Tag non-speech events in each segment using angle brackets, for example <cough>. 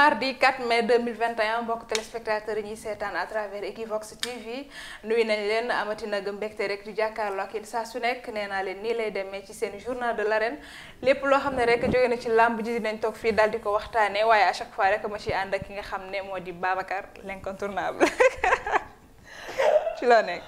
mardi 4 mai 2021 mbokk téléspectateurs yi ñuy seetaan à travers TV nuyu nañ leen amati nag mbégte rek di jàkkaarloo ak yéen saa su nekk nee naa leen nii lay demee ci seen journal de ren lépp loo xam ne rek jóge na ci làmb ji dinañ toog fii daal di ko waxtaanee waaye à chaque fois rek ma ciy ànd ak ki nga xam ne moo di Babacar l'incontournable <laughs> ci loo nekk.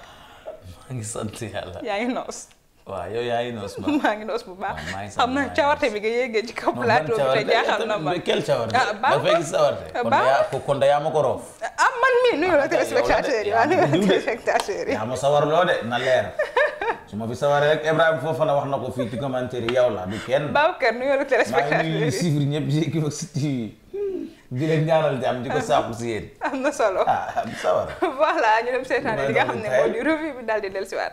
maa ngi sant yàlla yaa ngi noos. waaw yow yaa noos bu baax maa ngi noos bu baax. xam naa cawarte bi nga yéegee ci kaw plateau bi te na ma. quel cawarte dafay gis cawarte. kon kon da yaa ma ko roof. ah yi waaw nuyu la ma sawar loo de na wax na ko fii ci commentaire yi yow la du kenn. Babacar nuyu la téléspectateur yi maa ngi nuyu suivre ñëpp ci Equivox si xam ne moo di revue bi daal di dellusiwaat.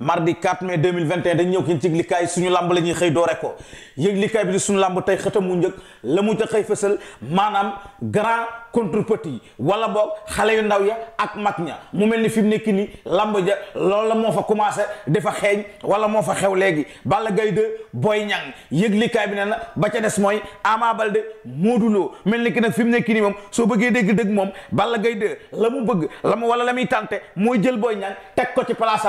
mardi 4 mai 2021 dañ ñëw kin ci yëglikaay suñu lamb la ñuy xëy doore ko yëglikaay bi di suñu lamb tey xëtam mu njëkk la mu ca xëy fësal maanaam grand contre petit wala boog xale yu ndaw ya ak mag ña mu mel ni fi mu nekk nii làmb ja loola moo fa commencé dafa xeeñ wala moo fa xew léegi Balla Gaye booy Boy yëg yëglikaay bi nee na ba ca des mooy Ama Baldé Modou Lo mel ni ki nag fi mu nekk nii moom soo bëggee dégg dëgg moom Balla Gaye 2 la mu bëgg la mu wala la muy tànte mooy jël Boy Niang teg ko ci place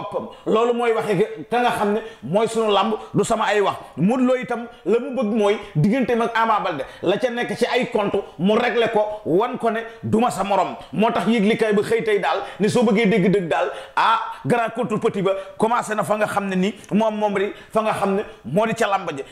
boppam loolu mooy waxe ka nga xam ne mooy sunu lamb du sama ay wax Modou Lo itam la mu bëgg mooy diggante mag Ama Baldé la ca nekk ci ay compte mu réglé ko wan ko ne duma sa morom moo tax yëglikaay ba xëy tey daal ne soo bëggee dégg-dëgg daal ah grand contre petit ba commencé na fa nga xam ne ni moom moom ri fa nga xam ne moo di ca làmb ji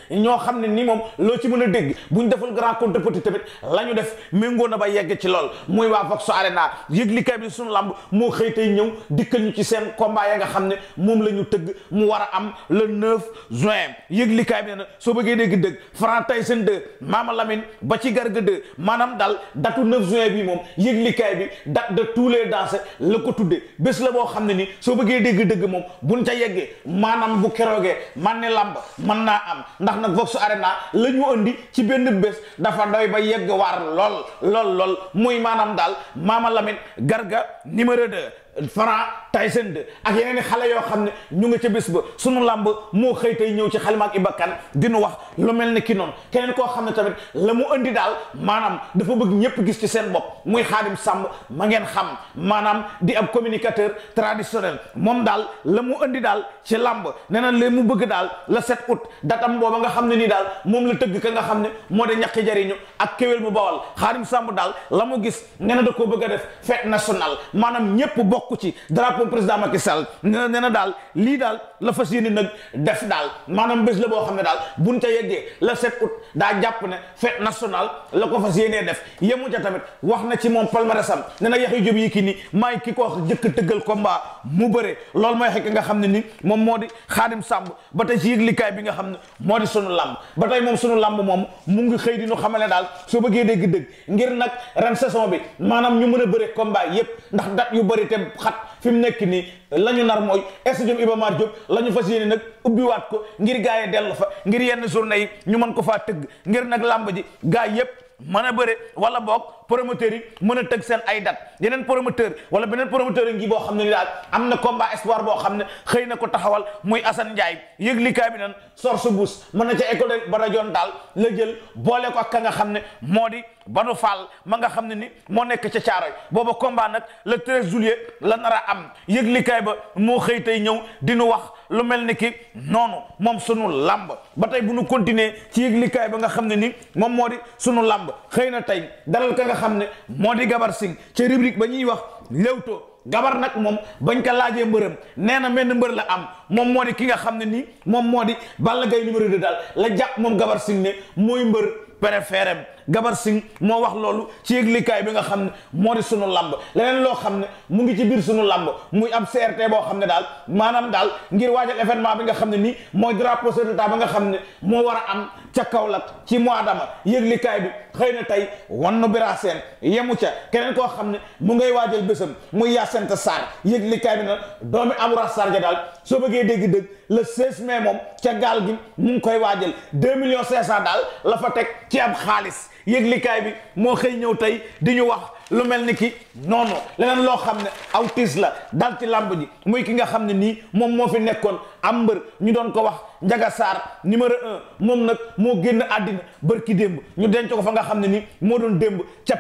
xam ne ni moom loo ci mën a dégg bu ñu deful grand contre petit la ñu def méngoo na ba yegg ci lool muy waa Vox Arena yëglikaay bi sunu lamb moo xëy tey ñëw dikkal ci seen combat ya nga xam xam ne moom la ñu tëgg mu war a am le 9 juin yëglikaay bi ne na soo bëggee dégg dëgg Franc Tyson 2 Mama Lamine ba ci Garga 2 maanaam daal datu 9 juin bi moom yëglikaay bi da de tous les danses la ko tuddee bés la boo xam ne ni soo bëggee dégg dëgg moom buñ ca yeggee maanaam bu keroogee man ne làmb mën naa am ndax nag Vox Arena la ñu andi ci benn bés dafa doy ba yegg waar lool lool lool muy maanaam daal Mama Lamine Garga numéro 2 Franc Tyson 2 ak yeneen i xale yoo xam ne ñu nga ca bis ba sunu làmb moo xëy tey ñëw ci xalima ak Ibakan dinu wax lu mel ni ki noonu keneen koo xam ne tamit la mu andi daal maanaam dafa bëgg ñëpp gis ci seen bopp muy Xaadim Sàmb ma ngeen xam maanaam di ab communicateur traditionnel moom daal la mu andi daal ci làmb nee na mu bëgg daal la 7 août datam booba nga xam ne nii daal moom la tëgg ka nga xam ne moo de ñàkk jariñu ak kéwél mu bawal Xaadim Sàmb daal la mu gis nee na da koo bëgg a def fête nationale maanaam ñëpp bokk ci drapeau pour président Macky Sall nee na daal lii daal la fas yéene nag def daal maanaam bés la boo xam ne daal buñ ca yeggee le 7 août daa jàpp ne fête nationale la ko fas yéenee def yemu ca tamit wax na ci moom palmarèsam ko wax jëkk tëggal combat mu bëre loolu mooy nga xam ne ni moom moo di Xaadim Sàmb ba tey ci yëglikaay bi nga xam ne moo di sunu làmb ba tey moom sunu làmb moom mu ngi xëy di ñu xamal daal soo bëggee dégg-dëgg ngir nag ren bi maanaam ñu mën a bëre combat yépp ndax dat yu bëri te xat fi mu nekk nii la ñu nar mooy stadium Iba Mar Diop la ñu fas yéene nag ubbiwaat ko ngir gaa yi dellu fa ngir yenn journée yi ñu mën ko faa tëgg ngir nag làmb ji gaa yépp mën a bëre wala boog promoteur yi mën a tëgg seen ay date yeneen promoteur wala beneen promoteur yi ngi boo xam ne ni daal am na combat espoir boo xam ne xëy na ko taxawal muy Assane Ndiaye yëg li bi nan sor su mën na ca école ba rajoon daal la jël boole ko ak ka nga xam ne moo di Banu Fall nga xam ne ni moo nekk ca Caaroy booba combat nag le 13 juillet la nar a am yëg ba moo xëy tey ñëw dinu wax lu mel ni ki noonu moom sunu làmb ba tey bu nu continuer ci yëglikaay ba nga xam ne ni moom moo di sunu làmb xëy na tey dalal ka nga xam ne moo di Gabar Singh ca rubrique ba ñuy wax Leewtoo gabar nag moom bañ ka laajee mbërëm nee na menn mbër la am moom moo di ki nga xam ne nii moom moo di Balla Gaye numéro di daal la jàpp moom Gabar Singh ne mooy mbër préféré Gabar Singh moo wax loolu ci yëglikaay bi nga xam ne moo di sunu lamb leneen loo xam ne mu ngi ci biir suñu lamb muy ab CRT boo xam ne daal maanaam daal ngir waajal événement bi nga xam ne nii mooy drapeau chef de l'État ba nga xam ne moo war a am ca Kaolack ci mois d'ama yëglikaay bi xëy na tey wannu biraaseen yemu ca keneen koo xam ne mu ngay waajal bésam muy Yacine Sarr yëglikaay bi nag doomi Amoura Sarr ja daal soo bëggee dégg-dëgg le 16 mai moom ca gaal gi mu ngi koy waajal deux millions cinq daal la fa teg ci ab xaalis yëglikaay bi moo xëy ñëw tey di ñu wax lu mel ni ki noonu leneen loo xam ne aw tiis la dal ci làmb ji muy ki nga xam ne nii moom moo fi nekkoon am mbër ñu doon ko wax njagasaar numéro un moom nag moo génn àddina bër ki démb ñu denc ko fa nga xam ne nii moo doon démb ca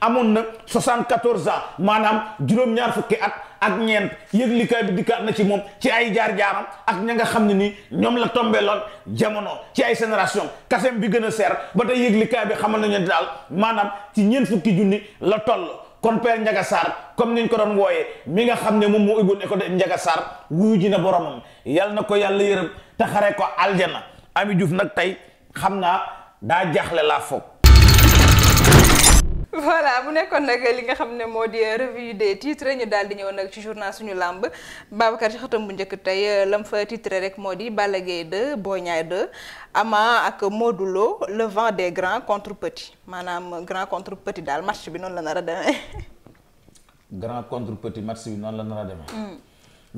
amoon na soixante-quatorze ans maanaam juróom-ñaar fukki at ak ñeent yëglikaay bi dikkaat na ci moom ci ay jaar-jaaram ak ña nga xam ne nii ñoom la lool jamono ci ay génération kasem bi gën a seer ba tey yëglikaay bi xamal nañu daal maanaam ci ñeent fukki junni la toll kon Père Ndiaga Sarr comme niñ ko doon wooyee mi nga xam ne moom moo ubboon école de Ndiaga Sarr wuyu na boromam yal na ko yàlla yërëm taxare ko aljana Ami Diouf nag tey xam naa daa jaaxle laa foog voilà bu nekkoon nag li nga xam ne moo di euh, revue des titres ñu daal di ñëw nag ci journal suñu làmb Babacar ci xëtam bu njëkk tey euh, lam fa titre rek moo di Balla Gaye 2 Boy Niang ak Modou Lo le vent des grands contre petits maanaam grand contre daal match bi noonu la nar a demee. grand contre petit match bi noonu la nar a demee. Mm.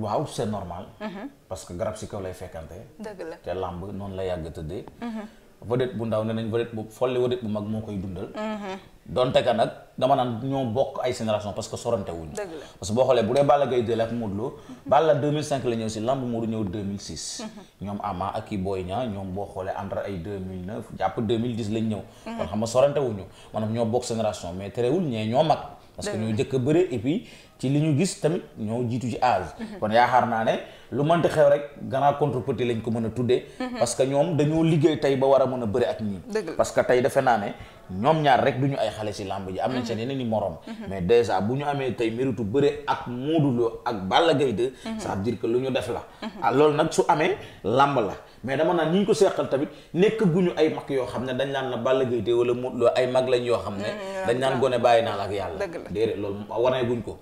waaw c'est normal. Mm-hmm. parce que garab si kaw lay fekkante. dëgg la te làmb noonu la yàgg tëddee. Mm-hmm. vedette bu ndaw nee nañ vedette bu folli koy donte que nag dama naan ñoo bokk ay génération parce que sorante wuñu parce que boo xoolee bu dee Balla Gaye 2 la ak Modou Lo Balla 2005 la ñëw si lamb Modou ñëw 2006 <laughs> ñoom Ama ak i Boy Niang ñoom boo xoolee entre ay 2009 jàpp 2010 lañ ñëw mm-hmm. kon xam nga sorante wuñu maanaam ñoo bokk génération mais terewul ñee ñoo mag parce ñoo jëkk a bëre et puis ci li ñu gis tamit ñoo jiitu ci âge mhm. kon yaakaar naa ne lu mënta xew rek grand contre petit lañ ko mën a tuddee mhm. parce que ñoom dañoo liggéey tey ba war a mën a bëri ak ñii parce que tey defe naa ne ñoom ñaar rek du ñu ay xale si làmb ji am nañ seen mhm. yeneen i morom mais dèjà bu ñu amee tey méritu bëri ak Modou Lo ak Balla Gaye 2 ça veut que lu ñu def la ah loolu nag su amee làmb la mais dama naan ñi ñu ko seqal tamit nekk guñu ay mag yoo xam ne dañ naan na Balla Gaye wala Modou ay mag lañ yoo xam ne dañ naan gone bàyyi naa la ak yàlla déedéet loolu wanee guñ ko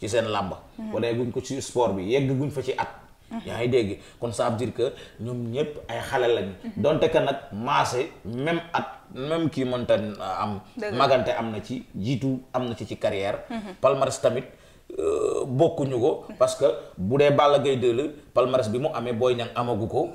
ci seen làmb mhm. wala guñ ko ci sport bi yegg guñ fa ci at mhm. yaa ngi dégg kon sa veut dire que ñoom ñëpp ay xale lañu mhm. donte que nag maase même at même kii mënta am magante am na ci jiitu am na ci ci carrière palmarès tamit euh, bokkuñu ko parce que bu dee Balla Gaye 2 la bi mu amee Boy Niang amagu ko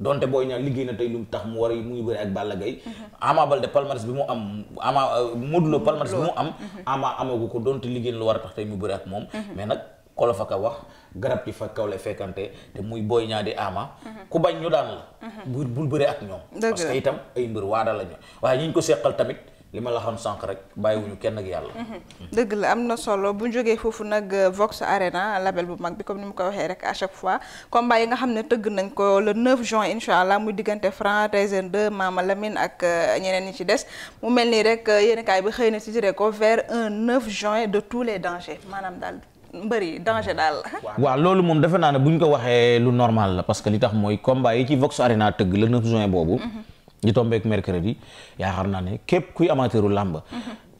donte Boy Niang liggéey na tey lu tax mu war a muy bëri ak Balla Gaye Ama Baldé palmarès bi mu am Ama euh, Modou Lo palmarès bi mu am Ama amagu ko donte liggéey na lu war a tax tey mu bëri ak moom mhm. mais nag kolo fa ka wax garab ci fa kaw lay fekkante te muy Boy Niang di Ama mhm. ku bañ ñu daan la mhm. bul bëree ak ñoom parce itam ay mbër waada lañu waaye ñi ñu ko seqal tamit li ma la xam sànq rek bàyyiwuñu kenn ak yàlla. Mhm. dëgg la am na solo bu ñu jógee foofu nag euh, Vox Arena label bu mag bi comme ni mu ko waxee rek à chaque fois combat yi nga xam ne tëgg nañ ko le 9 juin incha allah muy diggante Franc Tyson 2 Mama Lamine ak euh, ñeneen ñi ci des mu mel nii rek euh, yéen bi xëy na si ko vers un 9 juin de tous les dangers maanaam daal. mbëri danger daal. waa loolu moom defe naa ne bu ko waxee lu normal la parce que li tax mooy combat yi ci Vox Arena tëgg la 9 juin boobu. Mhm. ñu tombeek mercredi yaakaar naa ne képp kuy amateuru lamba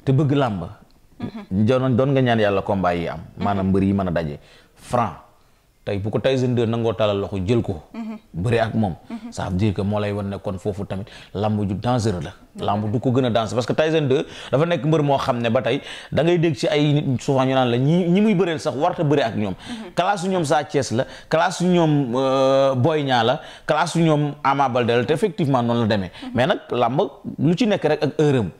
te bëgg làmb mhm. doon nga ñaan yàlla combat yi am maanaam mbër yi mën a daje franc tey bu ko Tyson 2 nangoo taalal loxo jël ko. Mhm. bëri ak moom. Mhm. ça veut dire que moo lay wan ne kon foofu tamit lamb ju dangereux la. lamb du ko gën a dangereux parce que Tyson 2 dafa nekk mbër moo xam ne ba tey dangay dégg si ay nit souvent ñu naan la ñi ñi muy bëreel sax warta bëri ak ñoom. Mhm. classe su ñoom Sa Thiès la classe su ñoom euh, Boy Niang la classe su ñoom Ama Baldé la te effectivement noonu la demee. mais nag lamb lu ci nekk rek ak heure am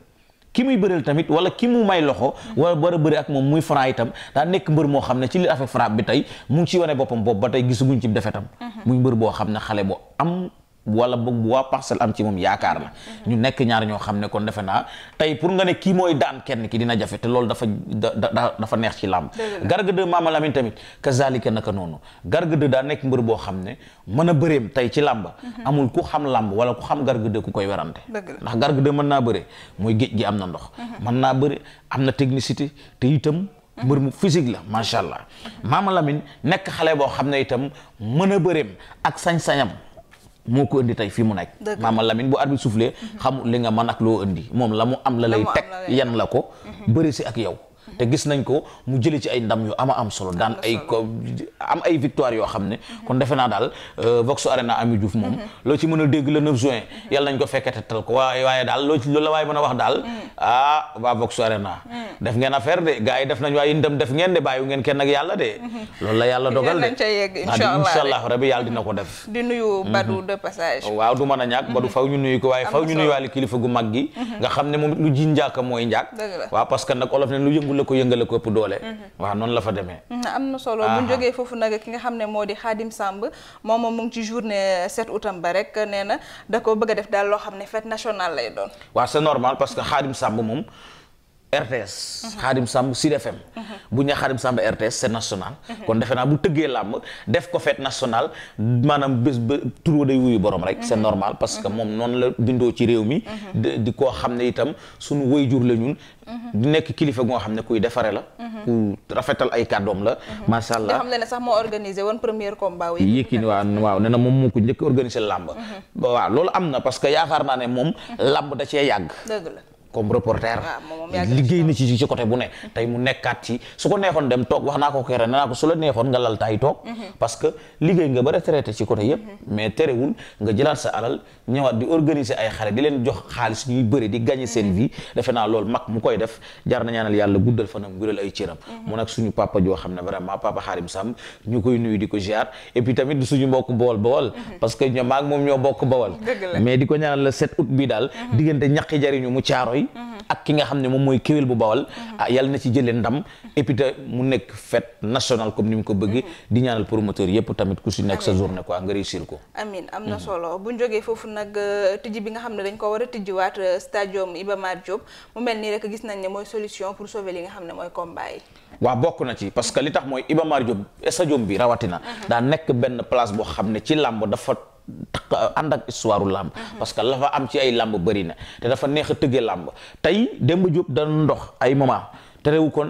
ki muy bëreel tamit wala ki mu may loxo wala war a bëri ak moom muy Franc itam daa nekk mbër moo xam ne ci li affaire Franc bi tey mu ngi ci wane boppam boobu ba tey gisaguñ ci defetam mhm. muy mbër boo xam ne xale boo am wala boog bu waa parcelle am ci moom yaakaar la ñu nekk ñaar ñoo xam ne kon defe naa tey pour nga ne kii mooy daan kenn ki dina jafe te loolu dafa da dafa neex ci làmb Garga 2 Mama tamit kazalika naka noonu Garga 2 daa nekk boo xam ne mën a bëreem tey ci làmb mhm. amul ku xam làmb wala ku xam Garga 2 ku koy werante ndax Garga 2 mën naa bëre mooy géej gi am na ndox mhm. mën naa bëre am na technicité te itam mhm. mbër mu physique la macha allah Mama Lamine nekk xale boo xam ne itam mën a bëreem ak sañ-sañam moo ko indi tey fii mu nekk maama Lamine bu arbitre soufflé mhm. xamul li nga mën ak loo andi moom la mu am la lay teg yan la ko mhm. bëri si ak yow te gis nañ ko mu jëlee ci ay ndam yu ama am solo daan ay am ay victoire yoo xam ne mhm. kon defe naa daal euh, Vox Arena Ami Diouf moom mhm. loo ci mën a dégg le 9 juin mhm. yàlla nañ ko fekkete tal ko waaye waaye daal loo ci loolu la waaye mën a wax daal ah waa Vox Arena def ngeen affaire de gars yi def nañ waaye ndam def ngeen de bàyyi ngeen kenn ak yàlla de loolu la yàlla dogal de ah, incha allah rabbi yàlla dina ko def di nuyu Badou de passage oh, waaw du mën a ñàkk Badou faw ñu nuyu ko waaye faw ñu nuyu waale kilifa gu mag gi nga xam ne moom lu ji njaaka mooy njaak waaw yëngu la ko yëngale ko ëpp doole mhm. waaw noonu la fa demee mm, am na solo bu ñu jógee foofu nag ki nga xam ne moo di Khadim Samb moom moom mu ci journée sept aoûtam ba rek nee da ko bëgg a def daal loo xam ne fête nationale lay doon waaw c'est normal parce que Khadim Samb moom RTS. Xaadim Samb Sud FM. bu ñu Xaadim Samb RTS c'est national. kon defe naa bu tëggee làmb def ko fête national maanaam bés ba turoo day wuyu borom rek. c'est normal parce que moom noonu la bindoo ci réew mi. di koo xam ne itam sunu wayjur la ñun. di nekk kilifa goo xam ne kuy defaree la. ku rafetal ay kàddoom la. macha allah nga ne sax moo organisé woon premier combat. Yékini waaw waaw na moom moo ko njëkk a organisé làmb. Mhm. waaw loolu am na parce que naa ne moom. Mhm. làmb da cee yàgg. comme reporter ah, liggéey na ci ci côté bu ne tey mu nekkaat ci su ko neexoon dem toog wax naa ko keroog nee naa ko su la neexoon nga lal toog mhm. parce que liggéey nga ba retraité ci côté yëpp mhm. mais terewul nga jëlaat sa alal ñëwaat di organiser ay xare di leen jox xaalis ñuy bëri di gagner seen mhm. vie defe naa loolu mag mu koy def jar na ñaanal yàlla guddal fanam guddal ay cëram mhm. mu ñu koy nuyu di ko ziar et puis tamit suñu mbokk bawol bawol mhm. parce que ñoom ak moom ñoo bokk bawol mais di ko ñaanal ki nga xam ne moom mooy kéwél bu bawal ah yàlla na ci jëlee ndam et mu nekk fet nationale comme ni mu ko bëggee di ñaanal promoteur yépp tamit ku si nekk sa journée quoi nga ko am na solo buñ jógee foofu na nag euh, tijji bi nga xam ne dañ ko war a waat euh, stadium Iba Mar mu mel nii rek gis nañ ne mooy solution pour sauver li nga xam ne mooy combat yi. waaw bokk na ci parce que li tax mooy Iba Mar stadium bi rawatina. Mhm. daa nekk benn place boo xam ne ci làmb dafa. Euh, ànd ak histoire làmb mhm. parce que la fa am ci ay làmb bëri na te dafa neex a tëggee làmb tey Demba Diop da ndox ay moment te rewu kon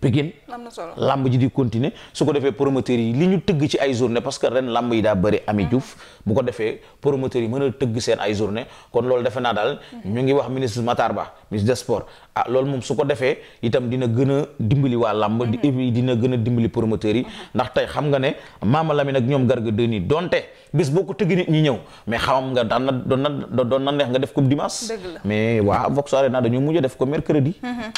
Pikine lamb ji di continuer su ko defee promoteurs yi li ñu tëgg ci ay journée parce que ren lamb yi daa bëri Ami Diouf bu ko defee promoteurs yi mën a tëgg seen ay journée kon loolu defe naa daal mhm. ñu ngi wax ministre Matar Ba ministre des sports ah loolu moom su ko defee itam dina gën a dimbali waa lamb di mhm. dina gën a dimbali promoteurs yi mhm. ndax tey xam nga ne Mama Lamine ak ñoom Garga deux nii donte bis boo ko tëgg nit ñi ñëw mais xamam nga daan na doon na doon na neex nga def ko dimanche mais waa Vox Arena dañoo mujj def ko mercredi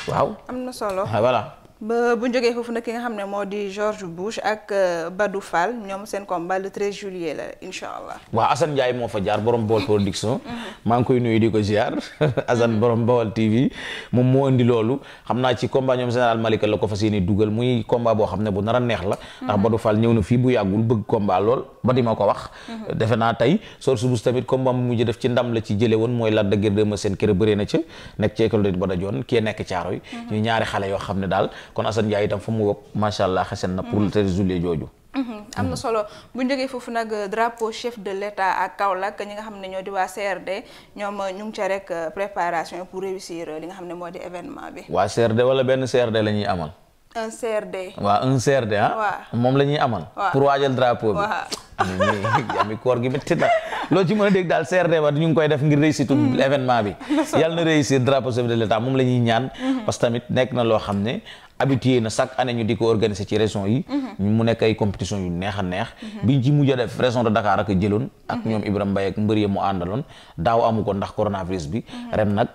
waaw am na solo ah, ba bu ñu jógee foofu nag ki nga xam ne moo di George Bush ak euh, Badou Fall ñoom seen combat le 13 juillet la incha allah. waa Assane Ndiaye moo fa jaar borom Baol production. Mhm. maa ngi koy nuyu di ko ziar. <laughs> Assane borom Baol TV moom moo indi loolu xam naa ci combat ñoom général Malika la ko fas yéene dugal muy combat boo xam ne bu nara neex la. Mhm. ndax Badou Fall ñëw na fii bu yàggul bëgg combat lool ba di ma ko wax. Mhm. defe naa tey source bu tamit combat mu mujj def ci ndam la ci jëlee woon mooy Lac de Guiers seen kër bëree na ca nekk ci école de Badajon kii nekk Caaroy. ñu ñaari xale yoo xam ne daal kon Assane Ndiaye itam fa mu wokk macha allah xasen na pour le mm-hmm. treize juillet jooju. Mm-hmm. am na mm-hmm. solo bu ñu jógee foofu nag drapeau chef de l' état ak Kaolack ñi nga xam ne ñoo di waa CRD ñoom ñu ngi ca rek préparation pour réussir li nga xam ne moo di événement bi. waa CRD wala benn CRD la ñuy amal. un CRD. waaw un ah? moom la ñuy amal. pour waajal drapeau bi. waaw <laughs> ami koor gi métti na loo ci mën a dégg daal CRD ba ñu ngi koy def ngir réussir tout mm-hmm. bi. <laughs> yàlla na réussir drapeau chef de l'état moom la ñuy ñaan. Mm-hmm. parce que tamit nekk na loo xam ne. habitué na chaque année ñu di ko organiser ci région yi. Mm-hmm. mu nekk ay compétition yu neex a neex. biñ ci mujj a def région de Dakar ak jëloon. ak ñoom Ibrahima Mbaye ak mbër yi mu àndaloon daaw amu ko ndax coronavirus bi nag.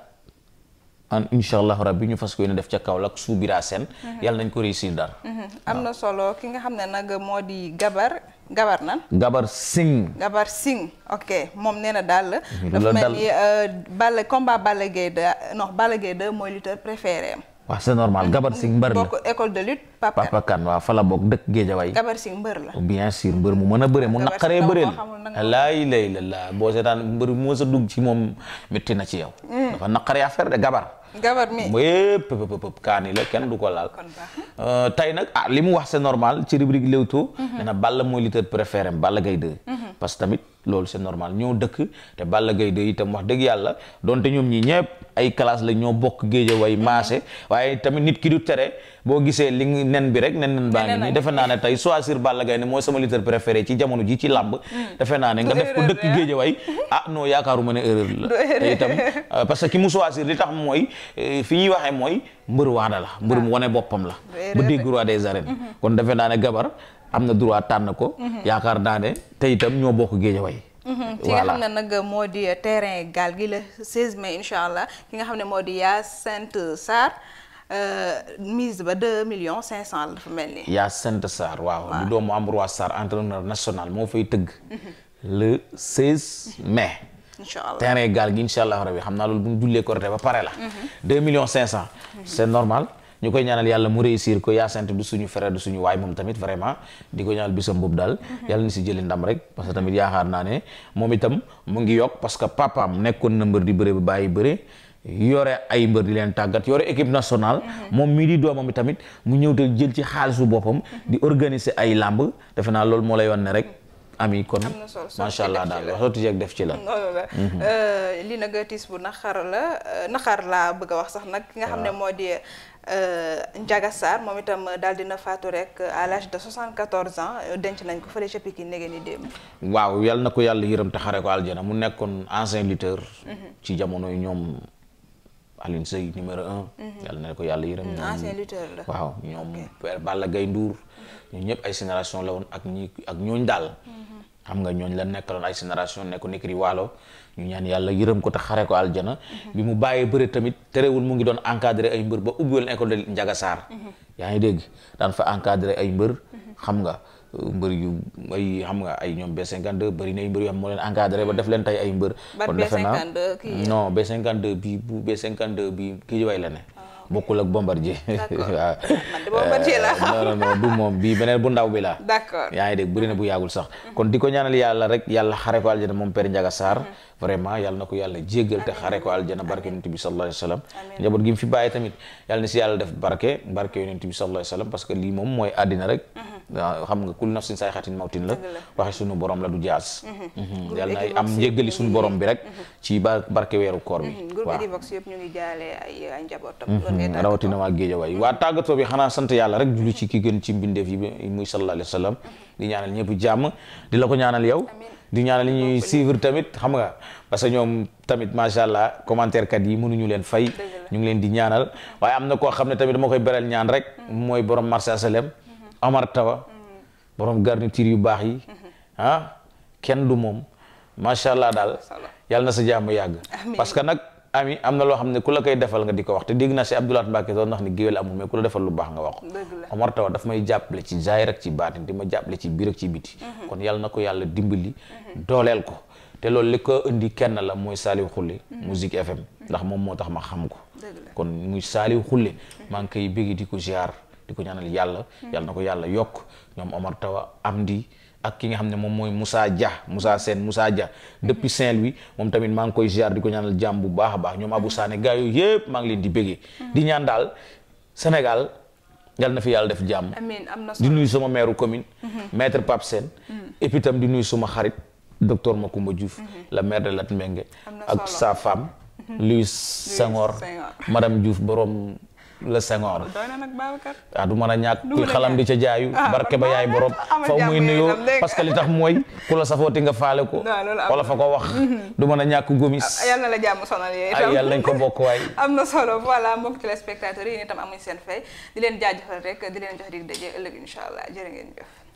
an incha allah rabbi ñu fas ko yéene def ca Kaolack su bira seen mhm. yàlla nañ ko réussir daal mhm. am na solo ki nga xam ne nag moo di gabar gabar nan gabar sing gabar sing ok moom nee na daal mhm. dafa mel ni euh, Balla combat Balla Gaye 2 non Balla Gaye mooy lutteur préféré am waaw c'est normal Gabar Singh mbër la bokk école de lutte Papa Kan waaw fa la bokk dëkk Géejawaay Gabar Singh mbër la bien sûr mbër mu mën a bëre mu naqaree bëreel laay lay la laa boo seetaan mbër mu mës a dugg ci moom métti na ci yow mm. dafa naqaree affaire de Gabar gabar mi yëpp pëpp kaani la kenn du ko laal. Euh, tey nag ah li mu wax c'est normal ci rubrique Leewtoo. Mhm. nee na bala mooy lutteur préféré Balla Gaye 2. Mhm. parce loolu c'est normal ñoo dëkk te Balla Gaye de itam wax dëgg yàlla donte ñoom ñi ñëpp ay classe la ñoo bokk géej way maase waaye tamit nit ki du tere boo gisee li nen bi rek nen nen baa ngi nii defe naa ne tey choisir Balla Gaye ne mooy sama lutteur préféré ci jamono ji ci làmb hmm. defe naa ne nga def ko dëkk géej way <laughs> ah non yaakaaruma ne erreur la te itam euh, parce que ki mu choisir li tax mooy euh, fi ñuy waxee mooy mbër waada la mbër mu ah. wane boppam la ba dégg roi am na droit tànn ko. Mhm. yaakaar naa ne tey itam ñoo bokk Géejawaay. Mhm. voilà ki moo di terrain gaal gi la 16 mai allah ki nga xam ne moo di yaa Sainte Sarr. Euh, mise ba deux millions cinq cent dafa mel ni yaa Sainte Sarr waaw di doomu Ambroise Sarr entraîneur national moo fay tëgg mhm. le 16 mai incha allah gaal gi incha allah rabi xam naa loolu bu ñu jullee ba pare la deux millions cinq cent c'est normal ñu koy ñaanal yàlla mu réussir ko yaa sant du suñu frère du suñu waay moom tamit vraiment di ko ñaanal bisam boobu daal mhm. yàlla ni si jëli ndam rek parce que tamit yaakaar naa ne moom itam mu ngi yokk parce que papaam nekkoon na mbër di bëre ba bàyyi bëre yore ay mbër di leen tàggat yore équipe nationale mhm. moom mii di doomam tamit mu ñëw te jël ci xaalisu boppam mhm. di organiser ay làmb defe naa loolu moo lay yoon ne rek ami kon macha allah daal soo tijee ak def ci la mhm. euh, li nag tiis bu naxar la euh, naxar laa bëgg a wax sax nag nga xam ne moo di euh, Ndiaga Sarr moom itam daal dina faatu rek à l'âge de 74 ans denc nañ ko fa ca Pikine ne ngeen di démb. waaw yal na ko yàlla yërëm te xare ko aljana mu nekkoon ancien lutteur. Mhm. ci jamono ñoom. Alioune Seye numéro un. Mhm. yàlla na ko yàlla yërëm. Mm, ancien lutteur la waaw ñoom Balla gaynduur Ndour. Mhm. ñun ñëpp ay génération la woon ak ñi ak ñooñ daal. Mhm. xam nga ñooñ la nekkaloon ay génération nekku nekk di ñu ñaan yàlla yërëm ko te xare ko aljana bi mu bàyyee bëri tamit terewul mu ngi doon encadré ay mbër ba ubbi woon école de Ndiaga yaa ngi dégg daan fa encadré ay mbër xam nga. mbër yu ay xam nga ay ñoom B52 bëri na ay mbër yoo xam moo leen encadré ba def leen tey ay mbër. kon defe naa non B52 bi bu B52 bi Guédiawaye la ne. bokkul ak bombardier. d'accord <laughs> man euh, du moom bii beneen bu ndaw bi laa d'accord yaa ngi dégg bëri na bu yàggul sax. kon di ko ñaanal yàlla rek yàlla xare ko aljana moom per Ndiaga Sarr. Mm-hmm. vraiment yàlla na ko yàlla jéggal te xare ko aljana barke yonent bi sallallahu alayhi wa sallam. njaboot gi mu fi bàyyi tamit yàlla si yàlla def barke barke yonent bi sallallahu alayhi wa sallam parce que lii moom mooy àddina rek. Mm-hmm. xam nga kul nafsin saay xatin mawtin la waxe sunu borom la du jaas mm-hmm. yàlla na am njéggali sunu borom bi rek ci barke weeru koor bi rawatina waa géejawaay waa tàggatoo bi xanaa sant yàlla rek julli ci ki gën ci mbindeef yi muy sallallahu alayhi wa sallam di ñaanal ñëpp jàmm di la ko ñaanal yow di ñaanal ñuy suivre tamit xam nga parce que ñoom tamit macha allah commentaire kat yi mënuñu leen fay ñu ngi leen di ñaanal waaye am na koo xam ne tamit dama koy beral ñaan rek mm-hmm. mooy borom marché asalem mm-hmm. Amar Tawa mm-hmm. borom garniture yu baax yi ah kenn du moom macha allah daal yàlla na sa jàmm yàgg ami am na loo xam ne ku la koy defal nga di ko wax te dégg naa si Abdoulaye Mbacke doon wax ni géwél amul mais ku la defal lu baax nga wax Omar Tawa daf may jàppale ci zaahir ci baatin di ma jàppale ci biir ak ci biti mhm. kon yàlla na ko yàlla dimbali mhm. dooleel ko te loolu li ko indi kenn la mooy Saliou Khoule mhm. Musique FM ndax moom moo tax ma xam ko kon muy Saliou Khoule maa ngi koy bëgg di ko ziar di ko ñaanal yàlla yàlla na ko yàlla yokk ñoom Omar Tawa Amdi ak ki nga xam ne moom mooy musaa Dia musaa seen musaa Dia depuis Saint-Louis moom tamit maa ngi koy ziar di ko ñaanal jàmm bu baax a baax ñoom Abou Sané gaa yooyu yëpp leen di béggee di ñaan daal Sénégal yàlla na fi yàlla def jàmm am na di nuyu sama maire commune mhm. maître Pape Sène mhm. et puis tam di nuyu suma xarit docteur Macoumba Diouf mhm. la maire de Latmingué sa femme Louise madame Diouf borom le Senghor ah du man a ñàkk kuy xalam di ca jaayu ah, barke ba yaay borom faw muy nuyoo parce que li tax mooy ku la safooti nga faale ko wala fa ko wax du mën a ñàkk gomis ah, yal na la jàmm sonal yooyu ah, itam yal nañ ko bokk waay <laughs> am na solo voilà mbokk téléspectateurs yi yéen itam amuñ seen fay di leen jaajëfal rek di leen jox dig daje ëllëg incha allah jërë ngeen jëf